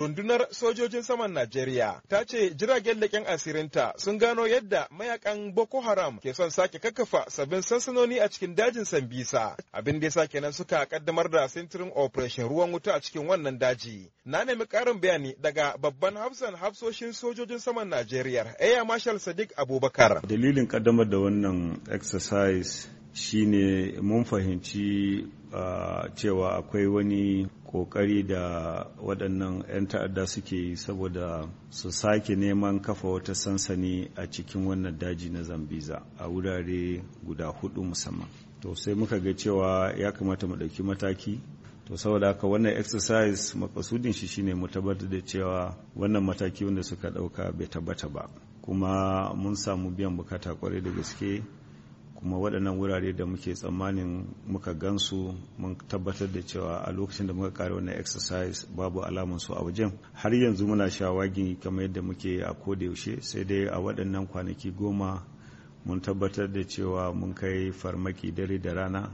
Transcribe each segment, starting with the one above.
Rundunar sojojin saman Najeriya ta ce jiragen leƙen asirinta sun gano yadda mayakan Boko Haram ke son sake kakkafa sabbin sansanoni a cikin dajin Sambisa. Abin da ya sake nan suka kaddamar da sintirin operation ruwan wuta a cikin wannan daji. Na nemi ƙarin bayani daga babban hafsan hafsoshin sojojin saman Najeriya, Air Marshal Sadiq Abubakar. Dalilin kaddamar da wannan exercise shine mun fahimci ah, cewa akwai wani kokari da waɗannan 'yan ta'adda suke yi saboda su sake neman kafa wata sansani a cikin wannan daji na zambiza a wurare guda hudu musamman to sai muka ga cewa ya kamata mu ɗauki mataki to saboda haka wannan exercise makasudin shi shine mu tabbatar da cewa wannan mataki wanda suka ɗauka bai tabbata ba kuma mun samu biyan bukata kwarai da gaske kuma waɗannan wurare da muke tsammanin muka gansu mun tabbatar da cewa a lokacin da muka kare wannan exercise babu alamun su a wajen har yanzu muna shawagi kamar yadda muke a kodayaushe sai dai a waɗannan kwanaki goma mun tabbatar da cewa mun kai farmaki dare da rana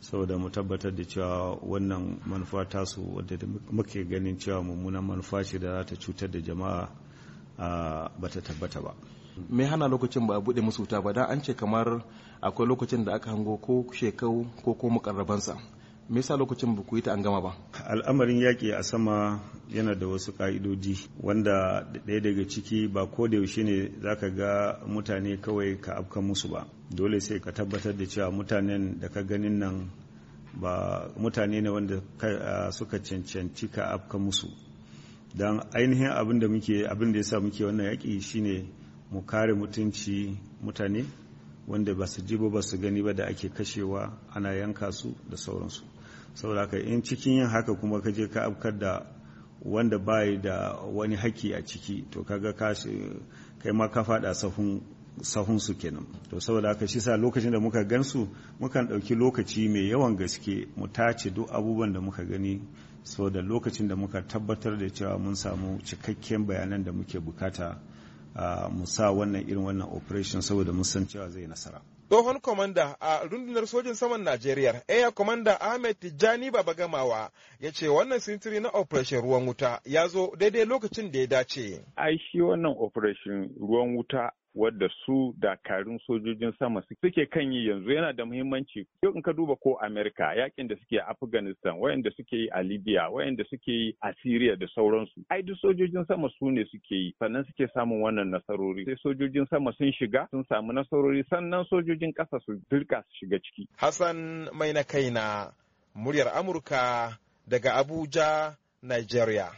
saboda mu tabbatar da cewa wannan manufa tasu wadda muke ganin cewa mummunan manufa ce da za ta cutar da jama'a ba tabbata ba me hana lokacin ba a bude musu wuta ba dan an ce kamar akwai lokacin da aka hango ko shekau ko ko mukarrabansa me yasa lokacin ba ku yi ta an gama ba al'amarin yaƙi a sama yana da wasu ƙa'idodi wanda ɗaya daga ciki ba ko da yaushe ne zaka ga mutane kawai ka afka musu ba dole sai ka tabbatar da cewa mutanen da ka ganin nan ba mutane ne wanda suka cancanci ka afka musu don ainihin abin da muke abin da yasa muke wannan yaƙi shine mu kare mutunci mutane wanda ba su ji ba su gani ba da ake kashewa ana yanka su da sauransu saboda haka in cikin yin haka kuma ka je ka afkar da wanda bai da wani haƙƙi a ciki to kaga kai ma ka faɗa safin sahunsu kenan to saboda haka shi sa lokacin da muka gansu mukan ɗauki lokaci mai yawan gaske mu tace duk abubuwan da muka gani so da lokacin da muka tabbatar da cewa mun samu cikakken bayanan da muke bukata a musa wannan irin wannan operation saboda mun san cewa zai nasara tsohon kwamanda a rundunar sojin saman najeriya air kwamanda ahmed tijjani baba gamawa ya ce wannan sintiri na operation ruwan wuta ya zo daidai lokacin da ya dace ai shi wannan operation ruwan wuta wadda su dakarun sojojin sama suke kan yi yanzu yana da muhimmanci yau in ka duba ko amerika yakin da suke a afghanistan wayanda suke yi a libya wayanda suke yi a syria da sauransu ai duk sojojin sama su ne suke yi sannan suke samun wannan nasarori sai sojojin sama sun shiga sun samu nasarori sannan sojojin ƙasa su dirka su shiga ciki hassan mai na kai na muryar amurka daga abuja nigeria